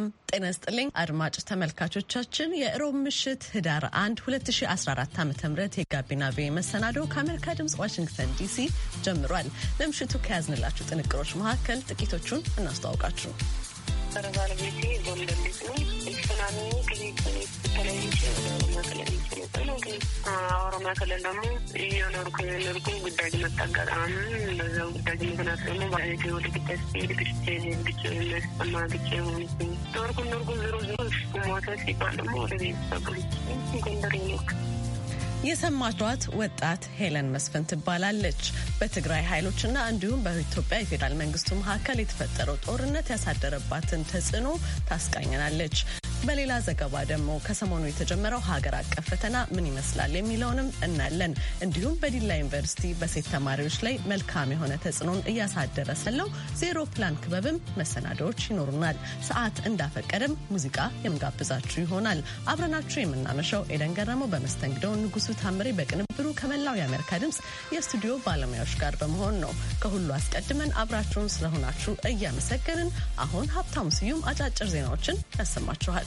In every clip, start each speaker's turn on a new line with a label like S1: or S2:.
S1: ሰላም ጤና ስጥልኝ አድማጭ ተመልካቾቻችን፣ የእሮብ ምሽት ህዳር 1 2014 ዓ ም የጋቢና ቪ መሰናዶ ከአሜሪካ ድምፅ ዋሽንግተን ዲሲ ጀምሯል። ለምሽቱ ከያዝንላችሁ ጥንቅሮች መካከል ጥቂቶቹን እናስተዋውቃችሁ።
S2: ኦሮሚያ ክልል ደግሞ እየኖርኩ እየኖርኩ ግዳጅ መጣ። አጋጣሚ በዛው ግዳጅ ምክንያት ደግሞ ባለቤቴ ወደ ግዳጅ ሲሄድ ግጭ ግጭ የሚያስጠማ ግጭ ሆንኩ። ኖርኩ ኖርኩ ዝሮ ዝሮ ሞተ ሲባል ደግሞ ወደ ቤተሰብ ጎንደር ኖርኩ።
S1: የሰማችኋት ወጣት ሄለን መስፍን ትባላለች። በትግራይ ኃይሎችና እንዲሁም በኢትዮጵያ የፌዴራል መንግስቱ መካከል የተፈጠረው ጦርነት ያሳደረባትን ተጽዕኖ ታስቃኘናለች። በሌላ ዘገባ ደግሞ ከሰሞኑ የተጀመረው ሀገር አቀፍ ፈተና ምን ይመስላል የሚለውንም እናያለን። እንዲሁም በዲላ ዩኒቨርሲቲ በሴት ተማሪዎች ላይ መልካም የሆነ ተጽዕኖን እያሳደረ ስለው ዜሮ ፕላን ክበብም መሰናዳዎች ይኖሩናል። ሰዓት እንዳፈቀደም ሙዚቃ የምንጋብዛችሁ ይሆናል። አብረናችሁ የምናመሸው ኤደን ገረመው በመስተንግደው፣ ንጉሱ ታምሬ በቅንብሩ ከመላው የአሜሪካ ድምፅ የስቱዲዮ ባለሙያዎች ጋር በመሆን ነው። ከሁሉ አስቀድመን አብራችሁን ስለሆናችሁ እያመሰገንን አሁን ሀብታሙ ስዩም አጫጭር ዜናዎችን ያሰማችኋል።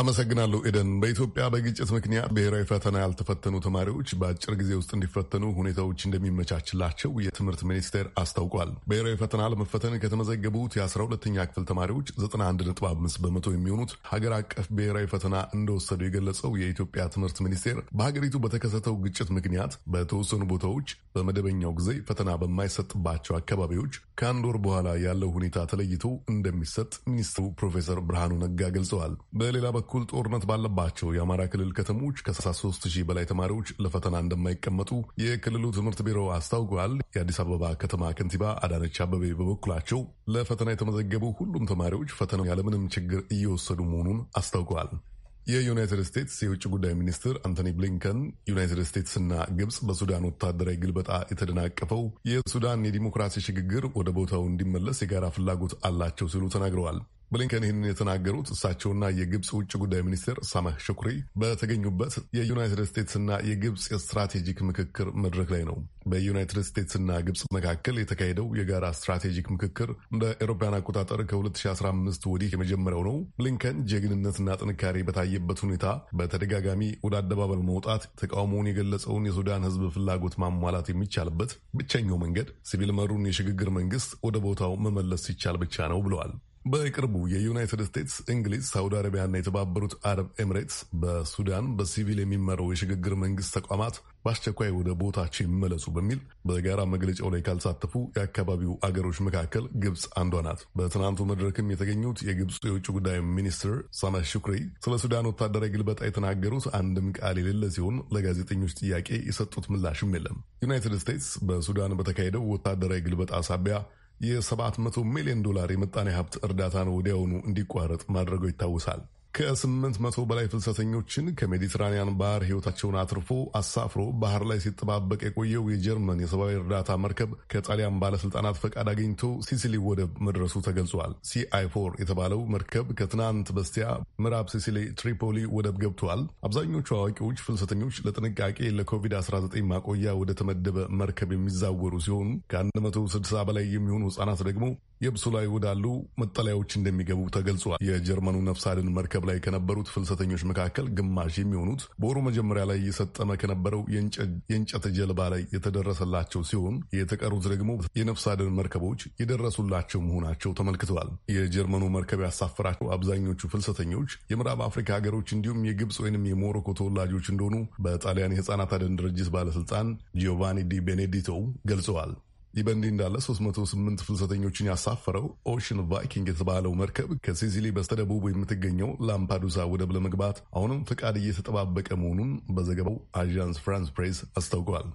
S3: አመሰግናለሁ ኤደን። በኢትዮጵያ በግጭት ምክንያት ብሔራዊ ፈተና ያልተፈተኑ ተማሪዎች በአጭር ጊዜ ውስጥ እንዲፈተኑ ሁኔታዎች እንደሚመቻችላቸው የትምህርት ሚኒስቴር አስታውቋል። ብሔራዊ ፈተና ለመፈተን ከተመዘገቡት የ12ተኛ ክፍል ተማሪዎች 91.5 በመቶ የሚሆኑት ሀገር አቀፍ ብሔራዊ ፈተና እንደወሰዱ የገለጸው የኢትዮጵያ ትምህርት ሚኒስቴር በሀገሪቱ በተከሰተው ግጭት ምክንያት በተወሰኑ ቦታዎች በመደበኛው ጊዜ ፈተና በማይሰጥባቸው አካባቢዎች ከአንድ ወር በኋላ ያለው ሁኔታ ተለይቶ እንደሚሰጥ ሚኒስትሩ ፕሮፌሰር ብርሃኑ ነጋ ገልጸዋል። በሌላ በኩል ጦርነት ባለባቸው የአማራ ክልል ከተሞች ከ63 ሺህ በላይ ተማሪዎች ለፈተና እንደማይቀመጡ የክልሉ ትምህርት ቢሮ አስታውቋል። የአዲስ አበባ ከተማ ከንቲባ አዳነች አበቤ በበኩላቸው ለፈተና የተመዘገቡ ሁሉም ተማሪዎች ፈተናው ያለምንም ችግር እየወሰዱ መሆኑን አስታውቀዋል። የዩናይትድ ስቴትስ የውጭ ጉዳይ ሚኒስትር አንቶኒ ብሊንከን ዩናይትድ እና ግብፅ በሱዳን ወታደራዊ ግልበጣ የተደናቀፈው የሱዳን የዲሞክራሲ ሽግግር ወደ ቦታው እንዲመለስ የጋራ ፍላጎት አላቸው ሲሉ ተናግረዋል። ብሊንከን ይህንን የተናገሩት እሳቸውና የግብፅ ውጭ ጉዳይ ሚኒስትር ሳማህ ሽኩሪ በተገኙበት የዩናይትድ ስቴትስና የግብፅ የስትራቴጂክ ምክክር መድረክ ላይ ነው። በዩናይትድ ስቴትስና ግብፅ መካከል የተካሄደው የጋራ ስትራቴጂክ ምክክር እንደ ኤሮፓያን አቆጣጠር ከ2015 ወዲህ የመጀመሪያው ነው። ብሊንከን ጀግንነትና ጥንካሬ በታየበት ሁኔታ በተደጋጋሚ ወደ አደባባይ መውጣት ተቃውሞውን የገለጸውን የሱዳን ሕዝብ ፍላጎት ማሟላት የሚቻልበት ብቸኛው መንገድ ሲቪል መሩን የሽግግር መንግስት ወደ ቦታው መመለስ ሲቻል ብቻ ነው ብለዋል። በቅርቡ የዩናይትድ ስቴትስ፣ እንግሊዝ፣ ሳውዲ አረቢያና የተባበሩት አረብ ኤምሬትስ በሱዳን በሲቪል የሚመራው የሽግግር መንግስት ተቋማት በአስቸኳይ ወደ ቦታቸው ይመለሱ በሚል በጋራ መግለጫው ላይ ካልተሳተፉ የአካባቢው አገሮች መካከል ግብፅ አንዷ ናት። በትናንቱ መድረክም የተገኙት የግብፁ የውጭ ጉዳይ ሚኒስትር ሳማህ ሹክሪ ስለ ሱዳን ወታደራዊ ግልበጣ የተናገሩት አንድም ቃል የሌለ ሲሆን ለጋዜጠኞች ጥያቄ የሰጡት ምላሽም የለም። ዩናይትድ ስቴትስ በሱዳን በተካሄደው ወታደራዊ ግልበጣ ሳቢያ የ700 ሚሊዮን ዶላር የምጣኔ ሀብት እርዳታን ወዲያውኑ እንዲቋረጥ ማድረገው ይታወሳል። ከስምንት መቶ በላይ ፍልሰተኞችን ከሜዲትራኒያን ባህር ሕይወታቸውን አትርፎ አሳፍሮ ባህር ላይ ሲጠባበቅ የቆየው የጀርመን የሰብአዊ እርዳታ መርከብ ከጣሊያን ባለስልጣናት ፈቃድ አግኝቶ ሲሲሊ ወደብ መድረሱ ተገልጿል። ፎር የተባለው መርከብ ከትናንት በስቲያ ምዕራብ ሲሲሊ ትሪፖሊ ወደብ ገብቷል። አብዛኞቹ አዋቂዎች ፍልሰተኞች ለጥንቃቄ ለኮቪድ-19 ማቆያ ወደ ተመደበ መርከብ የሚዛወሩ ሲሆኑ ከ160 በላይ የሚሆኑ ህጻናት ደግሞ የብሱ ላይ ወዳሉ መጠለያዎች እንደሚገቡ ተገልጿል። የጀርመኑ ነፍስ አድን መርከብ ላይ ከነበሩት ፍልሰተኞች መካከል ግማሽ የሚሆኑት በወሩ መጀመሪያ ላይ የሰጠመ ከነበረው የእንጨት ጀልባ ላይ የተደረሰላቸው ሲሆን የተቀሩት ደግሞ የነፍስ አድን መርከቦች የደረሱላቸው መሆናቸው ተመልክተዋል። የጀርመኑ መርከብ ያሳፈራቸው አብዛኞቹ ፍልሰተኞች የምዕራብ አፍሪካ ሀገሮች እንዲሁም የግብፅ ወይንም የሞሮኮ ተወላጆች እንደሆኑ በጣሊያን የህፃናት አድን ድርጅት ባለስልጣን ጂዮቫኒ ዲ ቤኔዲቶ ገልጸዋል። ይህ በእንዲህ እንዳለ 308 ፍልሰተኞችን ያሳፈረው ኦሽን ቫይኪንግ የተባለው መርከብ ከሲሲሊ በስተደቡብ የምትገኘው ላምፓዱሳ ወደብ ለመግባት አሁንም ፍቃድ እየተጠባበቀ መሆኑን በዘገባው አዣንስ ፍራንስ ፕሬስ አስታውቋል።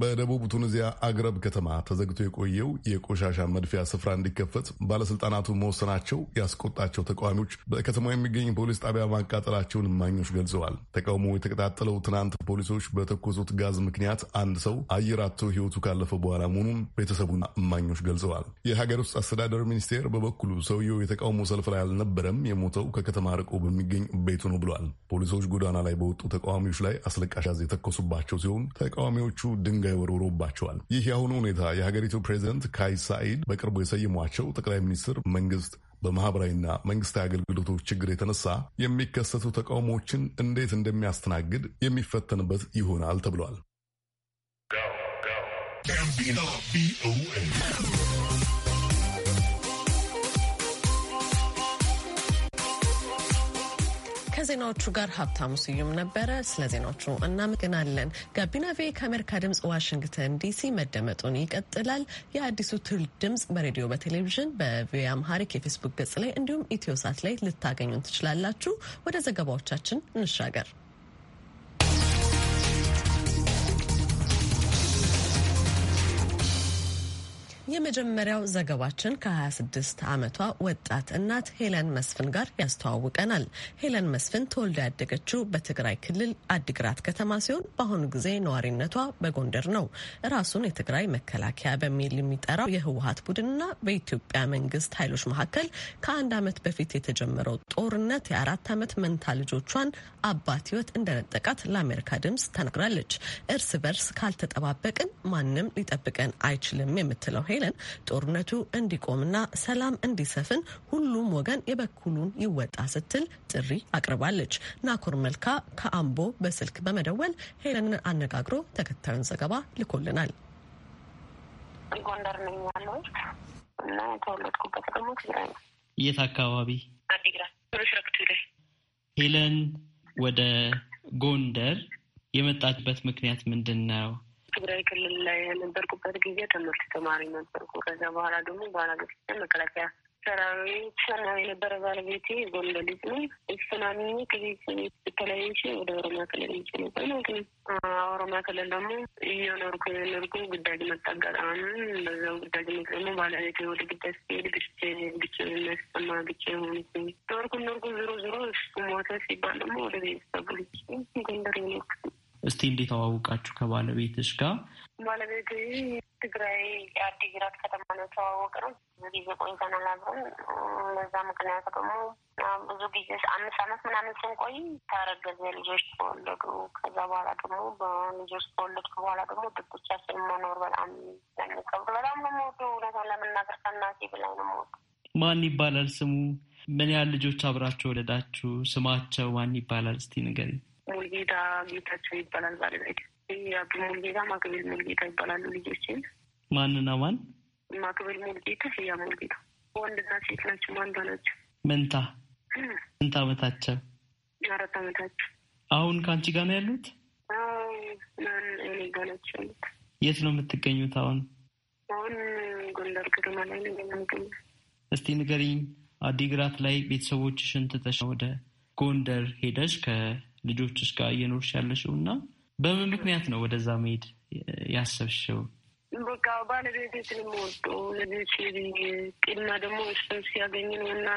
S3: በደቡብ ቱኒዚያ አግረብ ከተማ ተዘግቶ የቆየው የቆሻሻ መድፊያ ስፍራ እንዲከፈት ባለስልጣናቱ መወሰናቸው ያስቆጣቸው ተቃዋሚዎች በከተማው የሚገኝ ፖሊስ ጣቢያ ማቃጠላቸውን እማኞች ገልጸዋል። ተቃውሞ የተቀጣጠለው ትናንት ፖሊሶች በተኮሱት ጋዝ ምክንያት አንድ ሰው አየር አጥቶ ሕይወቱ ካለፈ በኋላ መሆኑን ቤተሰቡና እማኞች ገልጸዋል። የሀገር ውስጥ አስተዳደር ሚኒስቴር በበኩሉ ሰውየው የተቃውሞ ሰልፍ ላይ አልነበረም፣ የሞተው ከከተማ ርቆ በሚገኝ ቤቱ ነው ብሏል። ፖሊሶች ጎዳና ላይ በወጡ ተቃዋሚዎች ላይ አስለቃሽ ጋዝ የተኮሱባቸው ሲሆን ተቃዋሚዎቹ ድንግ ድንጋይ ወርውሮባቸዋል። ይህ የአሁኑ ሁኔታ የሀገሪቱ ፕሬዚደንት ካይስ ሳኢድ በቅርቡ የሰየሟቸው ጠቅላይ ሚኒስትር መንግስት በማህበራዊና መንግስታዊ አገልግሎቶች ችግር የተነሳ የሚከሰቱ ተቃውሞዎችን እንዴት እንደሚያስተናግድ የሚፈተንበት ይሆናል ተብሏል።
S1: ከዜናዎቹ ጋር ሀብታሙ ስዩም ነበረ። ስለ ዜናዎቹ እናመሰግናለን። ጋቢና ቪ ከአሜሪካ ድምጽ ዋሽንግተን ዲሲ መደመጡን ይቀጥላል። የአዲሱ ትውልድ ድምጽ በሬዲዮ፣ በቴሌቪዥን፣ በቪ አምሃሪክ የፌስቡክ ገጽ ላይ እንዲሁም ኢትዮ ሳት ላይ ልታገኙን ትችላላችሁ። ወደ ዘገባዎቻችን እንሻገር። የመጀመሪያው ዘገባችን ከ26 ዓመቷ ወጣት እናት ሄለን መስፍን ጋር ያስተዋውቀናል። ሄለን መስፍን ተወልዳ ያደገችው በትግራይ ክልል አዲግራት ከተማ ሲሆን በአሁኑ ጊዜ ነዋሪነቷ በጎንደር ነው። ራሱን የትግራይ መከላከያ በሚል የሚጠራው የህወሀት ቡድንና በኢትዮጵያ መንግስት ኃይሎች መካከል ከአንድ ዓመት በፊት የተጀመረው ጦርነት የአራት ዓመት መንታ ልጆቿን አባት ህይወት እንደነጠቃት ለአሜሪካ ድምጽ ተናግራለች። እርስ በርስ ካልተጠባበቅን ማንም ሊጠብቀን አይችልም የምትለው ሄለን እስራኤልን ጦርነቱ እንዲቆምና ሰላም እንዲሰፍን ሁሉም ወገን የበኩሉን ይወጣ ስትል ጥሪ አቅርባለች። ናኮር መልካ ከአምቦ በስልክ በመደወል ሄለንን አነጋግሮ ተከታዩን ዘገባ ልኮልናል።
S2: እና
S4: የት አካባቢ? ሄለን ወደ ጎንደር የመጣችበት ምክንያት ምንድን ነው?
S2: ትግራይ ክልል ላይ የነበርኩበት ጊዜ ትምህርት ተማሪ ነበርኩ። ከዛ በኋላ ደግሞ በኋላ ባለቤቴ መከላከያ ሰራዊት ሰና የነበረ ባለቤቴ ጎንደር ልጅ ነው። እሱናሚ ከቤት የተለያዩ ወደ ኦሮሚያ ክልል ልጅ ነበር ማለት ኦሮሚያ ክልል ደግሞ እየኖርኩ የኖርኩ ግዳጅ መጠጋጣም በዛው ግዳጅ መጥ ደግሞ ባለቤቴ ወደ ግዳጅ ሲሄድ ግጭ ግጭ የሚያስጠማ ግጭ የሆኑት ኖርኩ ኖርኩ ዞሮ ዞሮ እሱ ሞተ ሲባል ደግሞ ወደ ቤተሰብ ልጅ ጎንደር የኖርኩ
S4: እስቲ እንዴት አዋወቃችሁ ከባለቤትሽ ጋር?
S2: ባለቤት ትግራይ የአዲግራት ከተማ ነው የተዋወቅ ነው። ብዙ ጊዜ ቆይተናል አብረን። በዛ ምክንያት ደግሞ ብዙ ጊዜ አምስት ዓመት ምናምን ስንቆይ ታረገዘ፣ ልጆች ተወለዱ። ከዛ በኋላ ደግሞ በልጆች ተወለድኩ በኋላ ደግሞ ድጎቻችን መኖር በጣም ለሚቀብሩ በጣም ነው የምወደው። እውነቱን ለመናገር ከእናቴ ነው የምወደው።
S4: ማን ይባላል ስሙ? ምን ያህል ልጆች አብራችሁ ወለዳችሁ? ስማቸው ማን ይባላል? እስቲ ንገሪኝ።
S2: ሙልጌታ ጌታቸው ይባላል ባለቤት የአብ ሙልጌታ ማክቤል ሙልጌታ ይባላሉ ልጆችን
S4: ማንና ማን
S2: ማክቤል ሙልጌታ ህያ ሙልጌታ ወንድና ሴት ናቸው ማንዷ ናቸው
S4: መንታ ስንት አመታቸው
S2: አራት አመታቸው
S4: አሁን ከአንቺ ጋር ነው ያሉት
S2: እኔ ጋር ናቸው ያሉት
S4: የት ነው የምትገኙት አሁን
S2: አሁን ጎንደር ከተማ ላይ ነው
S4: እስቲ ንገሪኝ አዲግራት ላይ ቤተሰቦችሽን ትተሽ ወደ ጎንደር ሄደሽ ከ ልጆችሽ ጋር እየኖርሽ ያለሽው እና በምን ምክንያት ነው ወደዛ መሄድ ያሰብሽው?
S2: በቃ ባለቤቴ ስለምወዱ ልጆች ጤና ደግሞ እሱ ሲያገኝን እና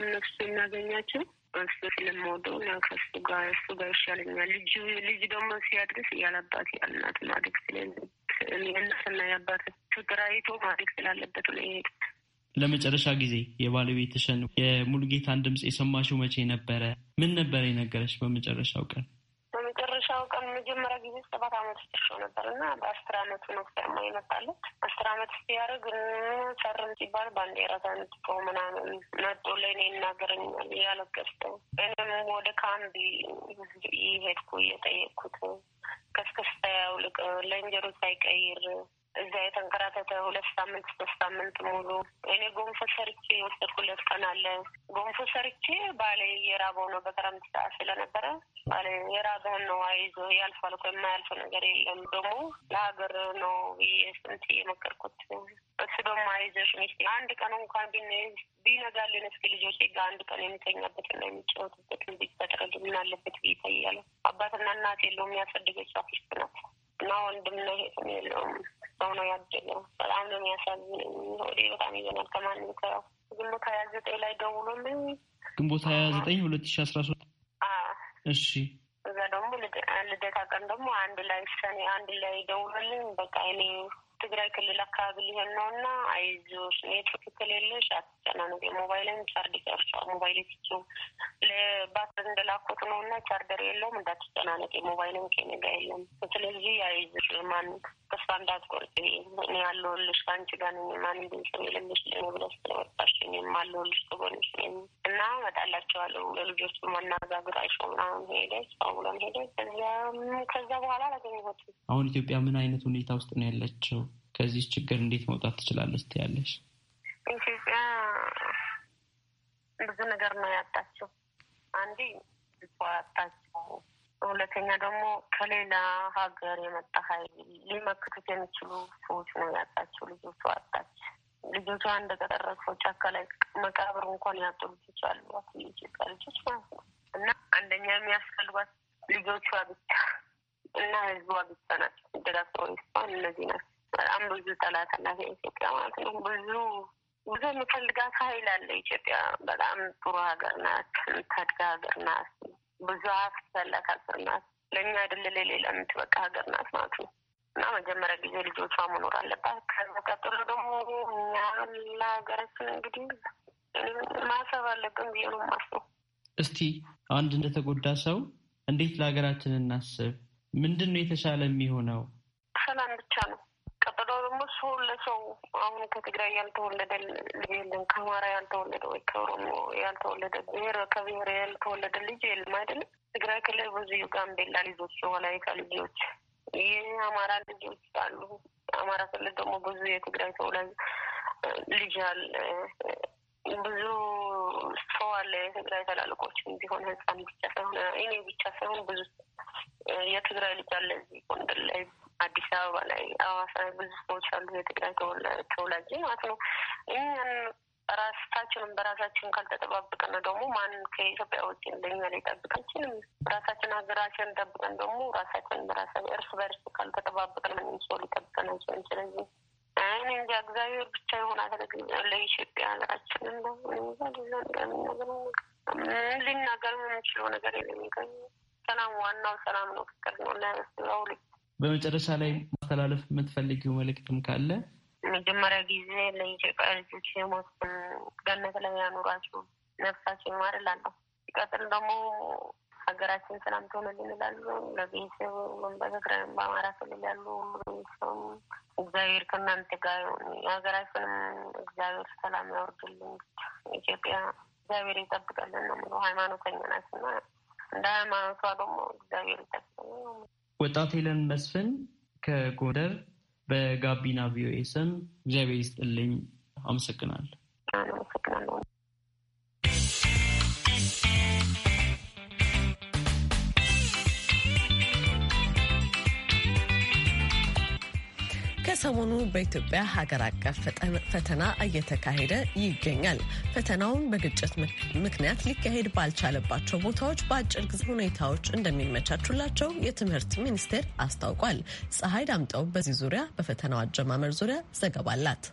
S2: የሚያገኛቸው እሱ ስለምወደው እና ከሱ ጋር እሱ ጋር ይሻለኛል። ልጅ ልጅ ደግሞ ሲያድግስ ያለአባት ያልናት ማደግ ስለእናትና የአባት ተከራይቶ ማደግ ስላለበት ነው ይሄድ
S4: ለመጨረሻ ጊዜ የባለቤትሽን የሙሉጌታን ድምፅ የሰማሽው መቼ ነበረ? ምን ነበረ የነገረች በመጨረሻው ቀን?
S2: የመጀመሪያ ጊዜ ሰባት አመት ስጥሻው ነበር እና በአስር አመቱ ነው ፊርማ የመጣለት። አስር አመት ሲያደርግ ሰርም ሲባል ባንዴራ ዛንጥቆ ምናምን መጦ ለእኔ ይናገረኛል ያለቀስተው። እኔም ወደ ካምቢ ይሄድኩ እየጠየቅኩት ከስከስታ ያውልቅ ለእንጀሮ ሳይቀይር እዛ የተንከራተተ ሁለት ሳምንት ሶስት ሳምንት ሙሉ እኔ ጎንፎ ሰርቼ የወሰድኩለት ቀን አለ። ጎንፎ ሰርቼ ባለ የራበው ነው በክረምት ሰዓት ስለነበረ ባለ የራበህን ነው አይዞ ያልፋል እኮ የማያልፍ ነገር የለም። ደግሞ ለሀገር ነው ብዬ ስንት የመከርኩት እሱ ደግሞ አይዞሽ ሚስቴ አንድ ቀን እንኳን ቢነ ቢነጋልን እስኪ ልጆቼ ጋር አንድ ቀን የሚተኛበትና የሚጫወትበትን ቢፈጥረል ምን አለበት ብዬ እያለ አባትና እናት የለውም ያሳደገችው አክስት ናት እና ወንድምና እህትም የለውም ሰው ነው ያገኘው። በጣም ነው የሚያሳዝነኝ። ወደ በጣም ይዘናል። ከማንም ከው ግንቦት ሀያ ዘጠኝ ላይ ደውሎልኝ
S4: ግንቦት ሀያ ዘጠኝ ሁለት ሺ አስራ ሶስት እሺ
S2: እዛ ደግሞ ልደታ ቀን ደግሞ አንድ ላይ ሰኔ አንድ ላይ ደውሎልኝ በቃ እኔ ትግራይ ክልል አካባቢ ሊሆን ነው እና አይዞሽ፣ ኔትወርክ ከሌለሽ አትጨናነቂ፣ ሞባይልን ቻርጅ ጨርሷ፣ ሞባይል ስቹ ለባትሪ እንደላኩት ነው እና ቻርደር የለውም፣ እንዳትጨናነቂ፣ ሞባይልን ከኔ ጋ የለም። ስለዚህ አይዞሽ፣ ማን ተስፋ እንዳትቆርጭ፣ እኔ ያለሁልሽ፣ ከአንቺ ጋር ነኝ፣ ማን ብንሰው የለምሽ ለኔ ብለሽ ስለወጣሽ እኔም አለሁልሽ፣ ከጎንሽ ነኝ እና እመጣላቸዋለሁ። ለልጆቹ ማናጋግር አይሾ ምናምን ሄደች፣ ብለን ሄደች። ከዛ
S4: በኋላ አላገኘሁትም። አሁን ኢትዮጵያ ምን አይነት ሁኔታ ውስጥ ነው ያለችው? ከዚህ ችግር እንዴት መውጣት ትችላለች ትያለሽ? ኢትዮጵያ
S2: ብዙ ነገር ነው ያጣችው። አንዴ ልቧ ያጣችው፣ ሁለተኛ ደግሞ ከሌላ ሀገር የመጣ ሀይል ሊመክቱት የሚችሉ ሰዎች ነው ያጣችው። ልጆቿ አጣች። ልጆቿ እንደተጠረፈው ጫካ ላይ መቃብር እንኳን ያጡ ልጆች አሏት፣ የኢትዮጵያ ልጆች ማለት ነው። እና አንደኛ የሚያስፈልጓት ልጆቿ ብቻ እና ህዝቧ ብቻ ናቸው። ደጋግተው እነዚህ ናቸው በጣም ብዙ ጠላት ናት ኢትዮጵያ ማለት ነው። ብዙ ብዙ የምፈልጋት ሀይል አለ ኢትዮጵያ። በጣም ጥሩ ሀገር ናት። የምታድጋ ሀገር ናት። ብዙ ሀብት ያላት ሀገር ናት። ለእኛ አይደለ ለሌላ የምትበቃ ሀገር ናት ማለት ነው። እና መጀመሪያ ጊዜ ልጆቿ መኖር አለባት። ከዛ ቀጥሎ ደግሞ እኛ ለሀገራችን እንግዲህ ማሰብ አለብን ብዬ ነው የማስበው።
S4: እስቲ አንድ እንደተጎዳ ሰው እንዴት ለሀገራችን እናስብ፣ ምንድን ነው የተሻለ የሚሆነው
S2: ከትግራይ ያልተወለደ ልጅ የለም፣ ከአማራ ያልተወለደ ወይ ከኦሮሞ ያልተወለደ ብሔር ከብሔር ያልተወለደ ልጅ የለም አይደለም። ትግራይ ክልል ብዙ የጋምቤላ ልጆች፣ የወላይታ ልጆች፣ የአማራ ልጆች አሉ። አማራ ክልል ደግሞ ብዙ የትግራይ ተወላጅ ልጅ አለ። ብዙ ሰው አለ። የትግራይ ተላልቆች ቢሆን ህፃን ብቻ ሳይሆን እኔ ብቻ ሳይሆን ብዙ የትግራይ ልጅ አለ እዚህ ጎንደር ላይ አዲስ አበባ ላይ አዋሳ ላይ ብዙ ሰዎች አሉ፣ የትግራይ ተወላጅ ማለት ነው። ይህን ራሳችንም በራሳችን ካልተጠባበቅን ደግሞ ማን ከኢትዮጵያ ውጭ እንደኛ ሊጠብቀን አይችልም። ራሳችን ሀገራችን ጠብቀን ደግሞ ራሳችን በራሳ እርስ በርስ ካልተጠባበቅን ምንም ሰው ሊጠብቀን አይችልም። ስለዚህ አይን እንጃ እግዚአብሔር ብቻ የሆነ ለኢትዮጵያ ሀገራችን ልናገር የምንችለው ነገር የለም። ሰላም ዋናው ሰላም ነው፣ ፍቅር ነው ለስለው ልጅ
S4: በመጨረሻ ላይ ማስተላለፍ የምትፈልጊው መልእክትም ካለ
S2: መጀመሪያ ጊዜ ለኢትዮጵያ ልጆች የሞት ገነት ላይ ነፍሳቸው ይማር ማርላለሁ። ሲቀጥል ደግሞ ሀገራችን ሰላም ትሆንልን ይላሉ። ለቤተሰብ ሁሉም በትግራይም በአማራ ክልል ያሉ ቤተሰብ እግዚአብሔር ከእናንተ ጋር ይሁን። የሀገራችንም እግዚአብሔር ሰላም ያወርድልን። ኢትዮጵያ እግዚአብሔር ይጠብቀልን ነው የምለው። ሃይማኖተኛ ናትና እንደ ሃይማኖቷ ደግሞ እግዚአብሔር ይጠብቀልን።
S4: ወጣት ሄለን መስፍን ከጎንደር በጋቢና ቪኦኤ ስም እግዚአብሔር ይስጥልኝ። አመሰግናለሁ።
S1: ሰሞኑ በኢትዮጵያ ሀገር አቀፍ ፈተና እየተካሄደ ይገኛል። ፈተናውን በግጭት ምክንያት ሊካሄድ ባልቻለባቸው ቦታዎች በአጭር ጊዜ ሁኔታዎች እንደሚመቻቹላቸው የትምህርት ሚኒስቴር አስታውቋል። ፀሐይ ዳምጠው በዚህ ዙሪያ በፈተናው አጀማመር
S5: ዙሪያ ዘገባ አላት።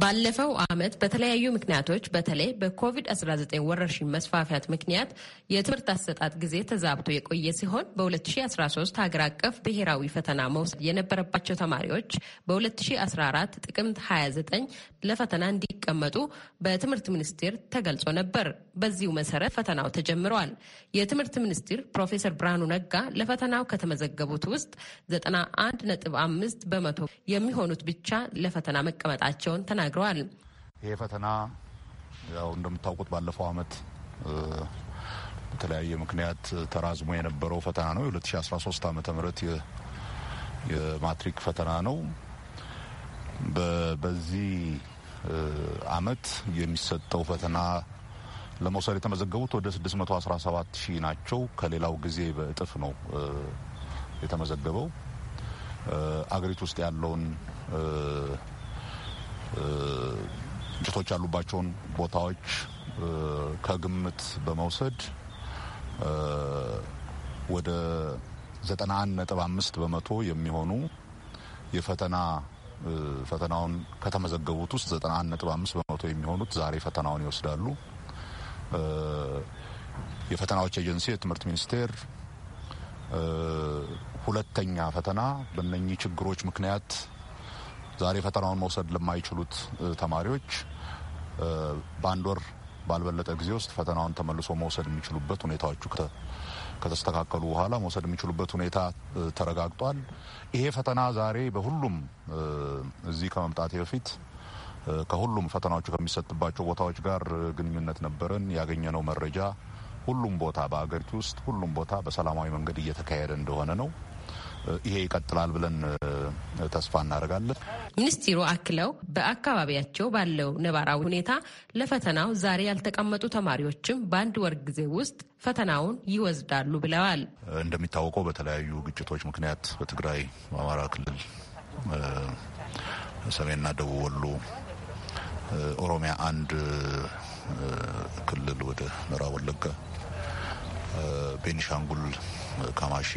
S5: ባለፈው ዓመት በተለያዩ ምክንያቶች በተለይ በኮቪድ-19 ወረርሽኝ መስፋፊያት ምክንያት የትምህርት አሰጣጥ ጊዜ ተዛብቶ የቆየ ሲሆን በ2013 ሀገር አቀፍ ብሔራዊ ፈተና መውሰድ የነበረባቸው ተማሪዎች በ2014 ጥቅምት 29 ለፈተና እንዲቀመጡ በትምህርት ሚኒስቴር ተገልጾ ነበር። በዚሁ መሰረት ፈተናው ተጀምረዋል። የትምህርት ሚኒስትር ፕሮፌሰር ብርሃኑ ነጋ ለፈተናው ከተመዘገቡት ውስጥ ዘጠና ነጥብ አምስት በመቶ የሚሆኑት ብቻ ለፈተና መቀመጣቸውን ተናግረዋል።
S6: ይሄ ፈተና ያው እንደምታውቁት ባለፈው ዓመት በተለያየ ምክንያት ተራዝሞ የነበረው ፈተና ነው። የ2013 ዓ ም የማትሪክ ፈተና ነው። በዚህ አመት የሚሰጠው ፈተና ለመውሰድ የተመዘገቡት ወደ 617 ሺህ ናቸው። ከሌላው ጊዜ በእጥፍ ነው የተመዘገበው። አገሪቱ ውስጥ ያለውን ግጭቶች ያሉባቸውን ቦታዎች ከግምት በመውሰድ ወደ 91.5 በመቶ የሚሆኑ የፈተና ፈተናውን ከተመዘገቡት ውስጥ 91.5 በመቶ የሚሆኑት ዛሬ ፈተናውን ይወስዳሉ። የፈተናዎች ኤጀንሲ የትምህርት ሚኒስቴር ሁለተኛ ፈተና በእነኚህ ችግሮች ምክንያት ዛሬ ፈተናውን መውሰድ ለማይችሉት ተማሪዎች በአንድ ወር ባልበለጠ ጊዜ ውስጥ ፈተናውን ተመልሶ መውሰድ የሚችሉበት ሁኔታዎቹ ከተስተካከሉ በኋላ መውሰድ የሚችሉበት ሁኔታ ተረጋግጧል። ይሄ ፈተና ዛሬ በሁሉም እዚህ ከመምጣቴ በፊት ከሁሉም ፈተናዎቹ ከሚሰጥባቸው ቦታዎች ጋር ግንኙነት ነበረን። ያገኘነው መረጃ ሁሉም ቦታ በአገሪቱ ውስጥ ሁሉም ቦታ በሰላማዊ መንገድ እየተካሄደ እንደሆነ ነው። ይሄ ይቀጥላል ብለን ተስፋ እናደርጋለን።
S5: ሚኒስትሩ አክለው በአካባቢያቸው ባለው ነባራዊ ሁኔታ ለፈተናው ዛሬ ያልተቀመጡ ተማሪዎችም በአንድ ወር ጊዜ ውስጥ ፈተናውን ይወስዳሉ ብለዋል።
S6: እንደሚታወቀው በተለያዩ ግጭቶች ምክንያት በትግራይ፣ በአማራ ክልል፣ ሰሜንና ደቡብ ወሎ፣ ኦሮሚያ አንድ ክልል ወደ ምዕራብ ወለጋ፣ ቤኒሻንጉል፣ ካማሺ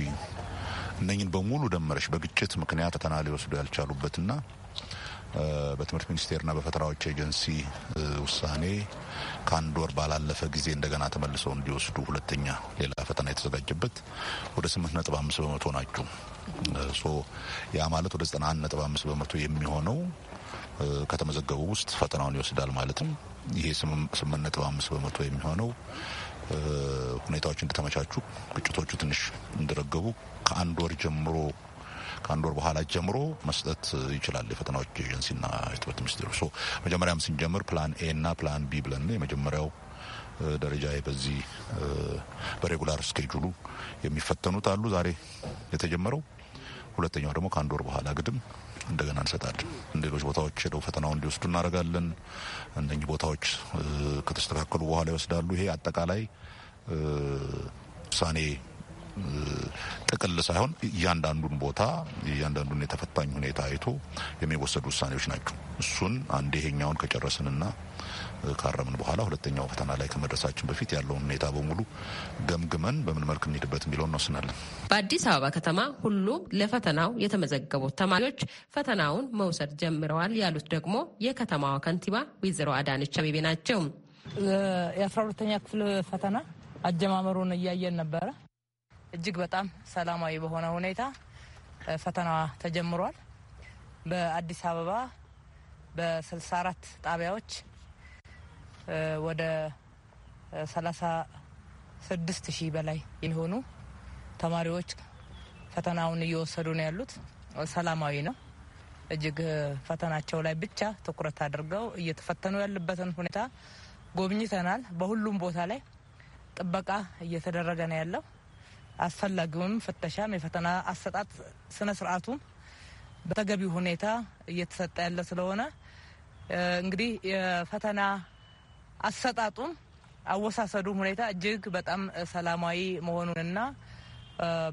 S6: እነኝን በሙሉ ደመረሽ በግጭት ምክንያት ፈተና ሊወስዱ ያልቻሉበትና በትምህርት ሚኒስቴርና በፈተናዎች ኤጀንሲ ውሳኔ ከአንድ ወር ባላለፈ ጊዜ እንደገና ተመልሰው እንዲወስዱ ሁለተኛ ሌላ ፈተና የተዘጋጀበት ወደ ስምንት ነጥብ አምስት በመቶ ናቸው። ያ ማለት ወደ ዘጠና አንድ ነጥብ አምስት በመቶ የሚሆነው ከተመዘገቡ ውስጥ ፈተናውን ይወስዳል ማለትም ይሄ ስምንት ነጥብ አምስት በመቶ የሚሆነው ሁኔታዎች እንደተመቻቹ ግጭቶቹ ትንሽ እንደረገቡ ከአንድ ወር ጀምሮ ከአንድ ወር በኋላ ጀምሮ መስጠት ይችላል። የፈተናዎች ኤጀንሲና የትምህርት ሚኒስቴሩ ሶ መጀመሪያም ስንጀምር ፕላን ኤ እና ፕላን ቢ ብለን የመጀመሪያው ደረጃ በዚህ በሬጉላር ስኬጁሉ የሚፈተኑት አሉ ዛሬ የተጀመረው ሁለተኛው ደግሞ ከአንድ ወር በኋላ ግድም እንደገና እንሰጣለን። ሌሎች ቦታዎች ሄደው ፈተናውን እንዲወስዱ እናደርጋለን። እነኚህ ቦታዎች ከተስተካከሉ በኋላ ይወስዳሉ። ይሄ አጠቃላይ ውሳኔ ጥቅል ሳይሆን እያንዳንዱን ቦታ እያንዳንዱን የተፈታኝ ሁኔታ አይቶ የሚወሰዱ ውሳኔዎች ናቸው። እሱን አንድ ይሄኛውን ከጨረስንና ካረምን በኋላ ሁለተኛው ፈተና ላይ ከመድረሳችን በፊት ያለውን ሁኔታ በሙሉ ገምግመን በምን መልክ እንሄድበት የሚለውን እንወስናለን።
S5: በአዲስ አበባ ከተማ ሁሉም ለፈተናው የተመዘገቡት ተማሪዎች ፈተናውን መውሰድ ጀምረዋል ያሉት ደግሞ የከተማዋ ከንቲባ ወይዘሮ አዳነች አቤቤ ናቸው።
S7: የአስራ ሁለተኛ ክፍል ፈተና አጀማመሩን እያየን ነበረ እጅግ በጣም ሰላማዊ በሆነ ሁኔታ ፈተናዋ ተጀምሯል። በአዲስ አበባ በ64 ጣቢያዎች ወደ ስድስት ሺህ በላይ የሚሆኑ ተማሪዎች ፈተናውን እየወሰዱ ነው ያሉት። ሰላማዊ ነው። እጅግ ፈተናቸው ላይ ብቻ ትኩረት አድርገው እየተፈተኑ ያለበትን ሁኔታ ጎብኝተናል። በሁሉም ቦታ ላይ ጥበቃ እየተደረገ ነው ያለው። አስፈላጊውን ፍተሻም የፈተና አሰጣጥ ስነ ስርዓቱም በተገቢ ሁኔታ እየተሰጠ ያለ ስለሆነ እንግዲህ የፈተና አሰጣጡም አወሳሰዱም ሁኔታ እጅግ በጣም ሰላማዊ መሆኑንና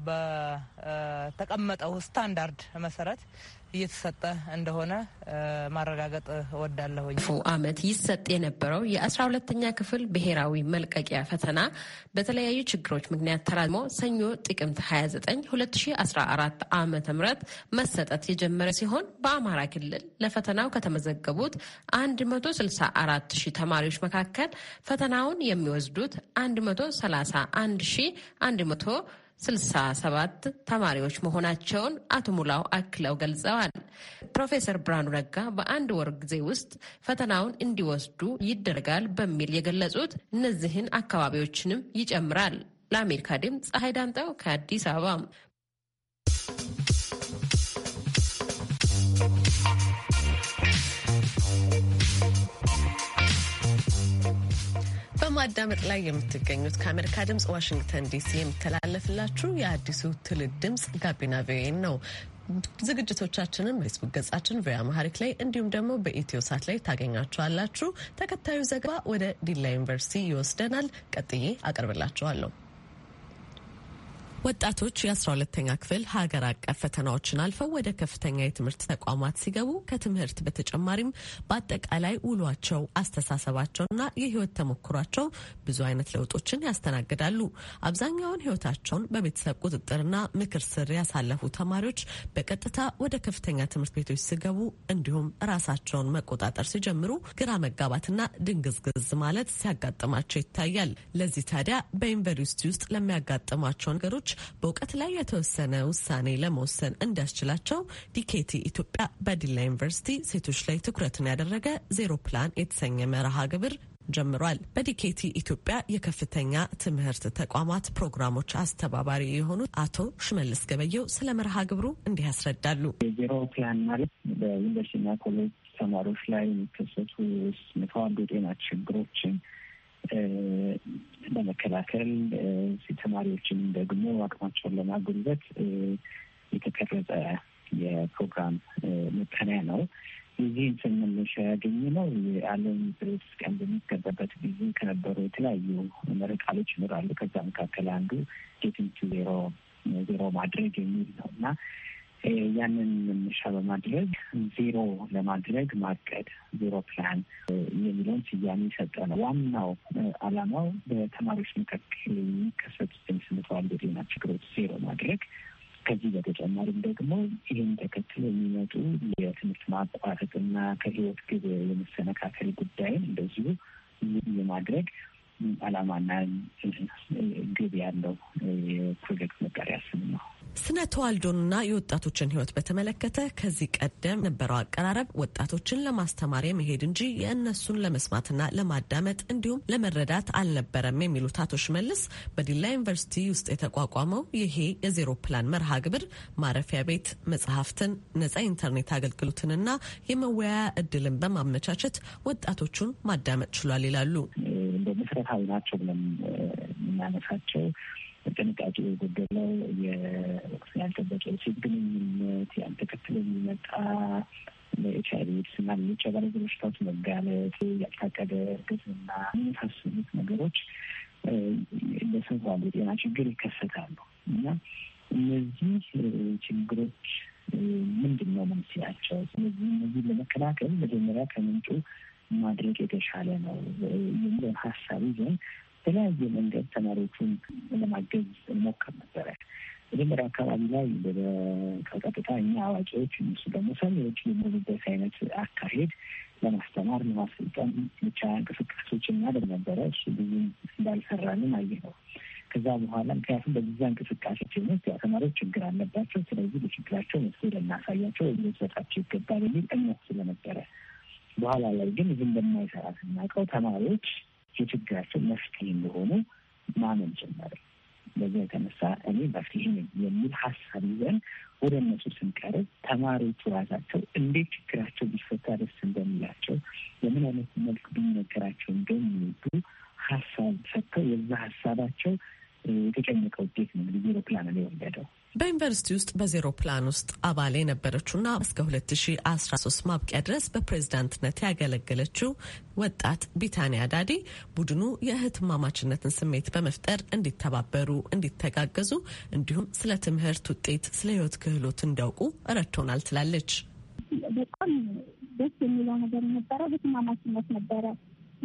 S7: በተቀመጠው ስታንዳርድ መሰረት እየተሰጠ እንደሆነ ማረጋገጥ እወዳለሁኝ። ፉ
S5: አመት ይሰጥ የነበረው የአስራ ሁለተኛ ክፍል ብሔራዊ መልቀቂያ ፈተና በተለያዩ ችግሮች ምክንያት ተራዝሞ ሰኞ ጥቅምት 29 2014 ዓ ም መሰጠት የጀመረ ሲሆን በአማራ ክልል ለፈተናው ከተመዘገቡት 164 ሺህ ተማሪዎች መካከል ፈተናውን የሚወስዱት 131 ሺህ 100 67 ተማሪዎች መሆናቸውን አቶ ሙላው አክለው ገልጸዋል። ፕሮፌሰር ብርሃኑ ነጋ በአንድ ወር ጊዜ ውስጥ ፈተናውን እንዲወስዱ ይደረጋል በሚል የገለጹት እነዚህን አካባቢዎችንም ይጨምራል። ለአሜሪካ ድምፅ ፀሐይ ዳምጠው ከአዲስ አበባ
S1: በማዳመጥ ላይ የምትገኙት ከአሜሪካ ድምጽ ዋሽንግተን ዲሲ የሚተላለፍላችሁ የአዲሱ ትውልድ ድምጽ ጋቢና ቪኦኤ ነው። ዝግጅቶቻችንን ፌስቡክ ገጻችን ቪያ መሀሪክ ላይ እንዲሁም ደግሞ በኢትዮ ሳት ላይ ታገኛችኋላችሁ። ተከታዩ ዘገባ ወደ ዲላ ዩኒቨርሲቲ ይወስደናል። ቀጥዬ አቀርብላችኋለሁ። ወጣቶች የ12ተኛ ክፍል ሀገር አቀፍ ፈተናዎችን አልፈው ወደ ከፍተኛ የትምህርት ተቋማት ሲገቡ ከትምህርት በተጨማሪም በአጠቃላይ ውሏቸው፣ አስተሳሰባቸውና የህይወት ተሞክሯቸው ብዙ አይነት ለውጦችን ያስተናግዳሉ። አብዛኛውን ህይወታቸውን በቤተሰብ ቁጥጥርና ምክር ስር ያሳለፉ ተማሪዎች በቀጥታ ወደ ከፍተኛ ትምህርት ቤቶች ሲገቡ እንዲሁም ራሳቸውን መቆጣጠር ሲጀምሩ ግራ መጋባትና ድንግዝግዝ ማለት ሲያጋጥማቸው ይታያል። ለዚህ ታዲያ በዩኒቨርሲቲ ውስጥ ለሚያጋጥሟቸው ነገሮች በእውቀት ላይ የተወሰነ ውሳኔ ለመወሰን እንዲያስችላቸው ዲኬቲ ኢትዮጵያ በዲላ ዩኒቨርሲቲ ሴቶች ላይ ትኩረትን ያደረገ ዜሮ ፕላን የተሰኘ መርሃ ግብር ጀምሯል። በዲኬቲ ኢትዮጵያ የከፍተኛ ትምህርት ተቋማት ፕሮግራሞች አስተባባሪ የሆኑት አቶ ሽመልስ ገበየው ስለ መርሃ ግብሩ እንዲህ ያስረዳሉ። የዜሮ ፕላን ማለት
S8: በዩኒቨርሲቲና ኮሌጅ ተማሪዎች ላይ የሚከሰቱ የተዋዶ ጤና ችግሮችን ለመከላከል ተማሪዎችን ደግሞ አቅማቸውን ለማጎልበት የተቀረጸ የፕሮግራም መጠሪያ ነው። የዚህን ስም መነሻ ያገኘ ነው። የዓለም ፕሬስ ቀን በሚከበርበት ጊዜ ከነበሩ የተለያዩ መሪ ቃሎች ይኖራሉ። ከዛ መካከል አንዱ ጌቲንግ ቱ ዜሮ ዜሮ ማድረግ የሚል ነው እና ያንን መነሻ በማድረግ ዜሮ ለማድረግ ማቀድ ዜሮ ፕላን የሚለውን ስያሜ ይሰጠ ነው። ዋናው አላማው በተማሪዎች መካከል የሚከሰቱትን ስነተዋልዶ ጤና ችግሮች ዜሮ ማድረግ ከዚህ በተጨማሪም ደግሞ ይህን ተከትሎ የሚመጡ የትምህርት ማቋረጥና ከህይወት ግብ የመሰነካከል ጉዳይን እንደዚሁ የማድረግ አላማና ግብ ያለው የፕሮጀክት መጠሪያ ስም ነው።
S1: ስነ ተዋልዶንና የወጣቶችን ህይወት በተመለከተ ከዚህ ቀደም ነበረው አቀራረብ ወጣቶችን ለማስተማር የመሄድ እንጂ የእነሱን ለመስማትና ለማዳመጥ እንዲሁም ለመረዳት አልነበረም የሚሉት አቶ ሽመልስ በዲላ ዩኒቨርሲቲ ውስጥ የተቋቋመው ይሄ የዜሮ ፕላን መርሃ ግብር ማረፊያ ቤት፣ መጽሐፍትን፣ ነጻ ኢንተርኔት አገልግሎትንና የመወያያ እድልን በማመቻቸት ወጣቶቹን ማዳመጥ ችሏል ይላሉ። እንደ መሰረታዊ ናቸው ብለን የምናነሳቸው ጥንቃቄ የጎደለው
S8: ያልጠበቀ የሴት ግንኙነት፣ ያልተከተለ የሚመጣ ለኤች አይቪ ኤድስ እና ሌሎች አባላዘ በሽታዎች መጋለጥ፣ ያልታቀደ እርግዝና የመሳሰሉት ነገሮች ለሰው ባሉ የጤና ችግር ይከሰታሉ እና እነዚህ ችግሮች ምንድን ነው መንስኤያቸው? ስለዚህ እነዚህ ለመከላከል መጀመሪያ ከምንጩ ማድረግ የተሻለ ነው የሚለውን ሀሳብ ይዘን በተለያየ መንገድ ተማሪዎቹን ለማገዝ እንሞክር ነበረ። መጀመሪያ አካባቢ ላይ ከቀጥታ እኛ አዋቂዎች እነሱ ደግሞ ሰሚዎች የሚሉበት አይነት አካሄድ ለማስተማር ለማሰልጠን ብቻ እንቅስቃሴዎች እናደርግ ነበረ። እሱ ብዙም እንዳልሰራንም አየ ነው። ከዛ በኋላ ምክንያቱም በዛ እንቅስቃሴችን ውስጥ ያው ተማሪዎች ችግር አለባቸው፣ ስለዚህ በችግራቸው መስ ልናሳያቸው ወይ ልንሰጣቸው ይገባል የሚል እምነት ስለነበረ በኋላ ላይ ግን ዝም እንደማይሰራ ስናውቀው ተማሪዎች የችግራቸው መፍትሄ እንደሆኑ ማመን ጀመረ። በዚህ የተነሳ እኔ መፍትሄ ነኝ የሚል ሀሳብ ይዘን ወደ እነሱ ስንቀርብ ተማሪዎቹ ራሳቸው እንዴት ችግራቸው ቢፈታ ደስ እንደሚላቸው በምን አይነት መልክ ብንነገራቸው እንደሚወዱ ሀሳብ ሰጥተው የዛ ሀሳባቸው የተጨነቀ ውጤት ነው እንግዲህ ፕላን ላይ የወለደው
S1: በዩኒቨርሲቲ ውስጥ በዜሮ ፕላን ውስጥ አባል የነበረችውና እስከ 2013 ማብቂያ ድረስ በፕሬዝዳንትነት ያገለገለችው ወጣት ቢታንያ ዳዲ ቡድኑ የእህትማማችነትን ስሜት በመፍጠር እንዲተባበሩ፣ እንዲተጋገዙ እንዲሁም ስለ ትምህርት ውጤት፣ ስለ ህይወት ክህሎት እንዲያውቁ ረድቶናል ትላለች።
S9: በጣም ደስ የሚለው ነገር የነበረው እህትማማችነት ነበረ።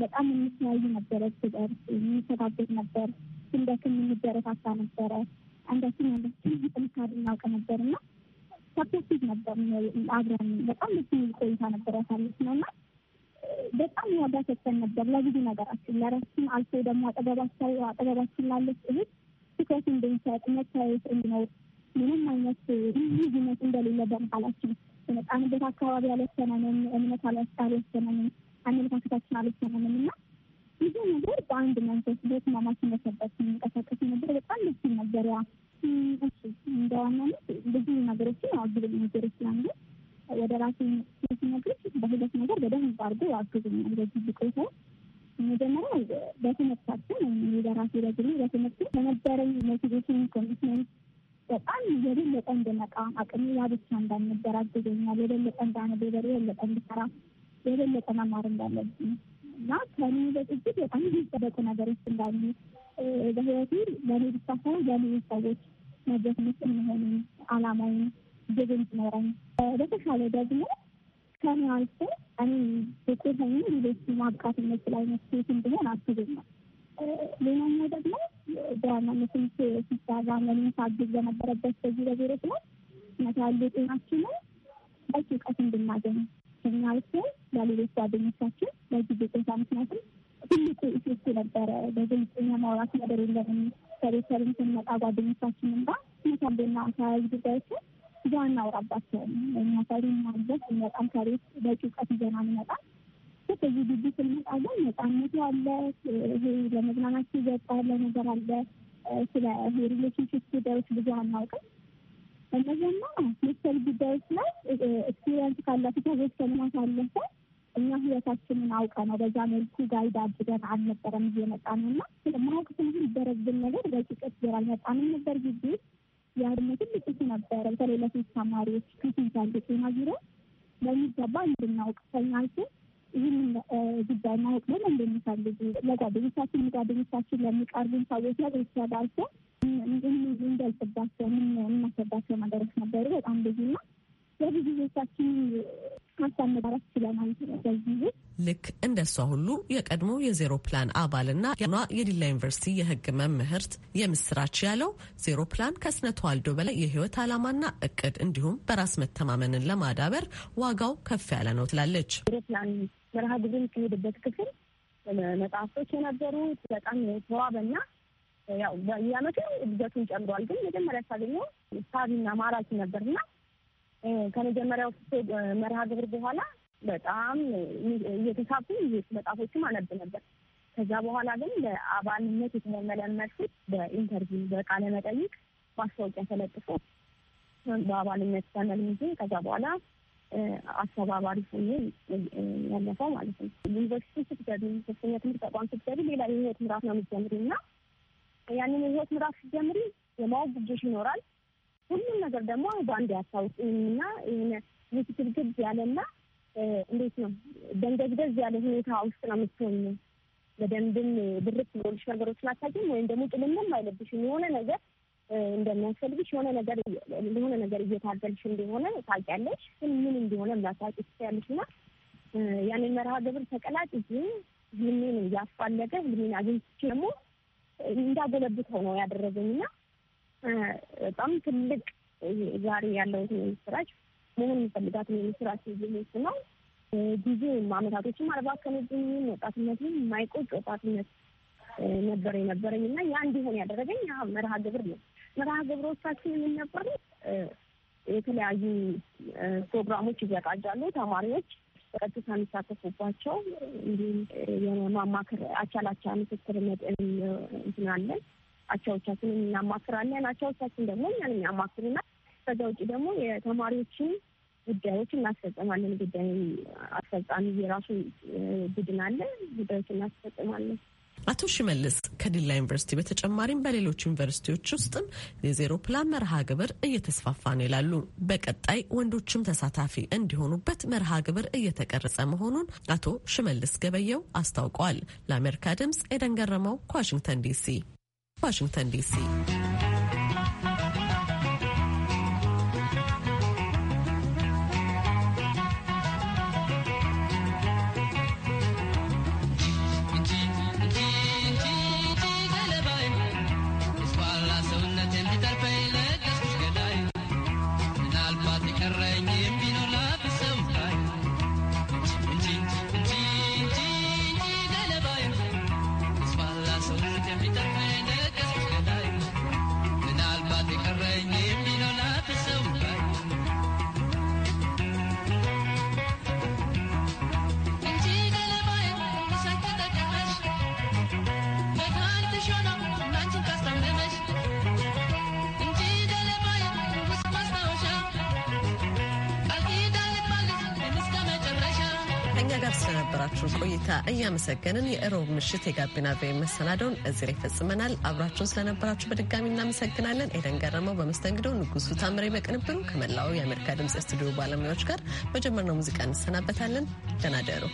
S9: በጣም የምትለያዩ ነበረ፣ ትደርስ የሚተጋገዝ ነበር፣ ስንደክም የምንደረታታ ነበረ አንዳችን ያለችን ጥንካሬ እናውቅ ነበር እና ሰፖርቲቭ ነበር። አብረን በጣም ደስ የሚል ቆይታ ነበር ያሳለፍ ነው እና በጣም ያዳሰሰን ነበር ለብዙ ነገራችን ለረሱም አልፎ ደግሞ አጠገባቸው አጠገባችን ላለች እህት ትኩረት እንድንሰጥ መታየት እንዲኖር ምንም አይነት ልዩነት እንደሌለ በመሀላችን የመጣንበት አካባቢ አልወሰነንም፣ እምነት አልወሰነንም፣ አመለካከታችን አልወሰነንም እና ብዙ ነገር በአንድ መንፈስ ቤት ማማት እንደሰበት የሚንቀሳቀስ ነበር። በጣም ደስ ይል ነበር። ያ እንደዋናነት ብዙ ነገሮችን አግብ ነገሮች ስላሉ ወደ ራሴ ሲነግሮች በሁለት ነገር በደንብ አድርጎ አግዞኛል። በዚህ ብቆይታ መጀመሪያ በትምህርታችን ወደ ራሴ በግሌ በትምህርት በነበረኝ ሞቲቬሽን ኮሚትመንት በጣም የበለጠ እንደመጣ አቅሜ ያ ብቻ እንዳልነበር አግዞኛል። የበለጠ እንዳነብ፣ የበለጠ እንድሰራ፣ የበለጠ መማር እንዳለብኝ እና ከኔ በጥቂት በጣም የሚጠበቁ ነገሮች እንዳሉ በህይወቴ ለእኔ ብቻ ሳይሆን ለሌሎች ሰዎች መድረስ ምስል መሆኑ አላማዊ ግብን ኖረኝ በተሻለ ደግሞ ከኔ አልፎ እኔ ብቁ ሆኑ ሌሎች ማብቃት የምችል አይነት ሴት እንድሆን አስብኛል። ሌላኛው ደግሞ በዋናነት ሲሰራ ምንም ሳግዝ በነበረበት በዚህ በዜሮ ስላት ያሉ ጤናችንን በቂ እውቀት እንድናገኝ እኛ ውስን ለሌሎች ጓደኞቻችን በጊዜ ቆይታ ምክንያቱም ትልቁ ኢፌክት ነበረ። በዘንኛ ማውራት ነገር የለንም። ከቤተሰብም ስንመጣ ጓደኞቻችንም ጋር ስመታንቤና አካባቢ ጉዳዮች ብዙ አናውራባቸውም። እኛ ሰሪ ማለት ስንመጣም ከቤት በቂ እውቀት ይዘና ንመጣ ከዚህ ግቢ ስንመጣ ግን ነፃነቱ አለ። ይሄ ለመዝናናት ሲገባ ያለ ነገር አለ። ስለ ሪሌሽንሽፕ ጉዳዮች ብዙ አናውቅም። እነዚህና መሰል ጉዳዮች ላይ ኤክስፔሪንስ ካላቸው ሰዎች ከማሳለፈ እኛ ህይወታችንን አውቀ ነው በዛ መልኩ ጋይድ አድርገን አልነበረም እየመጣ ነው እና ስለማወቅ ስንል ይደረግብን ነገር በጭቀት ዜር አልመጣንም ነበር ጊዜ ያድመ ደግሞ ትልቅ ነበረ። በተለይ ለሴት ተማሪዎች ከስንት ጤና ቢሮ በሚገባ እንድናውቅ ተኛልኩ ይህን ጉዳይ ማወቅ ደግሞ እንደሚፈልጉ ለጓደኞቻችን ለጓደኞቻችን ለሚቀርቡን ሰዎች ለቤተሰባቸው እንዳልስባቸው የምናስባቸው ነገሮች ነበሩ። በጣም ብዙ ና
S1: ልክ እንደ እሷ ሁሉ የቀድሞ የዜሮ ፕላን አባል ና የዲላ ዩኒቨርሲቲ የሕግ መምህርት የምስራች ያለው ዜሮ ፕላን ከስነ ተዋልዶ በላይ የህይወት ዓላማና እቅድ እንዲሁም በራስ መተማመንን ለማዳበር ዋጋው
S10: ከፍ ያለ ነው ትላለች። ዜሮ ፕላን መርሃ ግብር የሚካሄድበት ክፍል መጽሐፍቶች የነበሩት በጣም ያው በየአመቱ እድገቱን ጨምሯል። ግን መጀመሪያ ሳገኘው ሳቢና ማራኪ ነበርና ከመጀመሪያው መርሃ ግብር በኋላ በጣም እየተሳቡ መጽሐፎችም አነብ ነበር። ከዛ በኋላ ግን ለአባልነት የተመለመልኩት በኢንተርቪው በቃለ መጠይቅ ማስታወቂያ ተለጥፎ በአባልነት ተመልምዜ ከዛ በኋላ አስተባባሪ ሆኜ ያለፈው ማለት ነው። ዩኒቨርሲቲ ስትገቢ፣ ከፍተኛ ትምህርት ተቋም ስትገቢ ሌላ የህይወት ምዕራፍ ነው የምትጀምሪው እና ያንን የህይወት ምዕራፍ ስትጀምሪ የማወቅ ጉጆች ይኖራል። ሁሉም ነገር ደግሞ በአንድ ያስታውቅና የሆነ ግብግብ ያለና እንዴት ነው ደንገዝገዝ ያለ ሁኔታ ውስጥ ነው የምትሆኝ። በደንብም ብርት ሊሆንሽ ነገሮች አታውቂም፣ ወይም ደግሞ ጥልምም አይለብሽም። የሆነ ነገር እንደሚያስፈልግሽ የሆነ ነገር ለሆነ ነገር እየታገልሽ እንደሆነ ታውቂያለሽ፣ ግን ምን እንደሆነ ላታውቂ ትችያለሽ። እና ያንን መርሃ ግብር ተቀላጭ ተቀላቅዬ ህልሜን እያስፋለገ ህልሜን አግኝቼ ደግሞ እንዳጎለብተው ነው ያደረገኝ እና በጣም ትልቅ ዛሬ ያለሁት የምስራች መሆን የሚፈልጋት የምስራች ስ ነው። ጊዜ አመታቶችም አልባከኑብኝ። ወጣትነትም የማይቆጭ ወጣትነት ነበር የነበረኝ እና ያ እንዲሆን ያደረገኝ ያ መርሃ ግብር ነው። መርሃ ግብሮቻችን የምንነበሩት የተለያዩ ፕሮግራሞች ይዘጋጃሉ። ተማሪዎች ቀጥታ የሚሳተፉባቸው እንዲሁም የማማክር አቻላቻ ምክክር መጠን እንትናለን አቻዎቻችን እናማክራለን። አቻዎቻችን ደግሞ እኛን የሚያማክሩና ከዛ ውጭ ደግሞ የተማሪዎችን ጉዳዮች እናስፈጽማለን። ጉዳይ አስፈጻሚ የራሱ ቡድን አለ። ጉዳዮች እናስፈጽማለን።
S1: አቶ ሽመልስ ከዲላ ዩኒቨርሲቲ በተጨማሪም በሌሎች ዩኒቨርሲቲዎች ውስጥም የዜሮ ፕላን መርሃ ግብር እየተስፋፋ ነው ይላሉ። በቀጣይ ወንዶችም ተሳታፊ እንዲሆኑበት መርሃ ግብር እየተቀረጸ መሆኑን አቶ ሽመልስ ገበየው አስታውቀዋል። ለአሜሪካ ድምጽ ኤደን ገረመው ከዋሽንግተን ዲሲ ዋሽንግተን ዲሲ ጋር ስለነበራችሁን ቆይታ እያመሰገንን የእሮብ ምሽት የጋቢና ቤ መሰናደውን እዚህ ላይ ፈጽመናል። አብራችሁን ስለነበራችሁ በድጋሚ እናመሰግናለን። ኤደን ገረመው በመስተንግዶ፣ ንጉሱ ታምሬ በቅንብሩ ከመላው የአሜሪካ ድምፅ ስቱዲዮ ባለሙያዎች ጋር በጀመርነው ሙዚቃ እንሰናበታለን። ደህና ደሩ።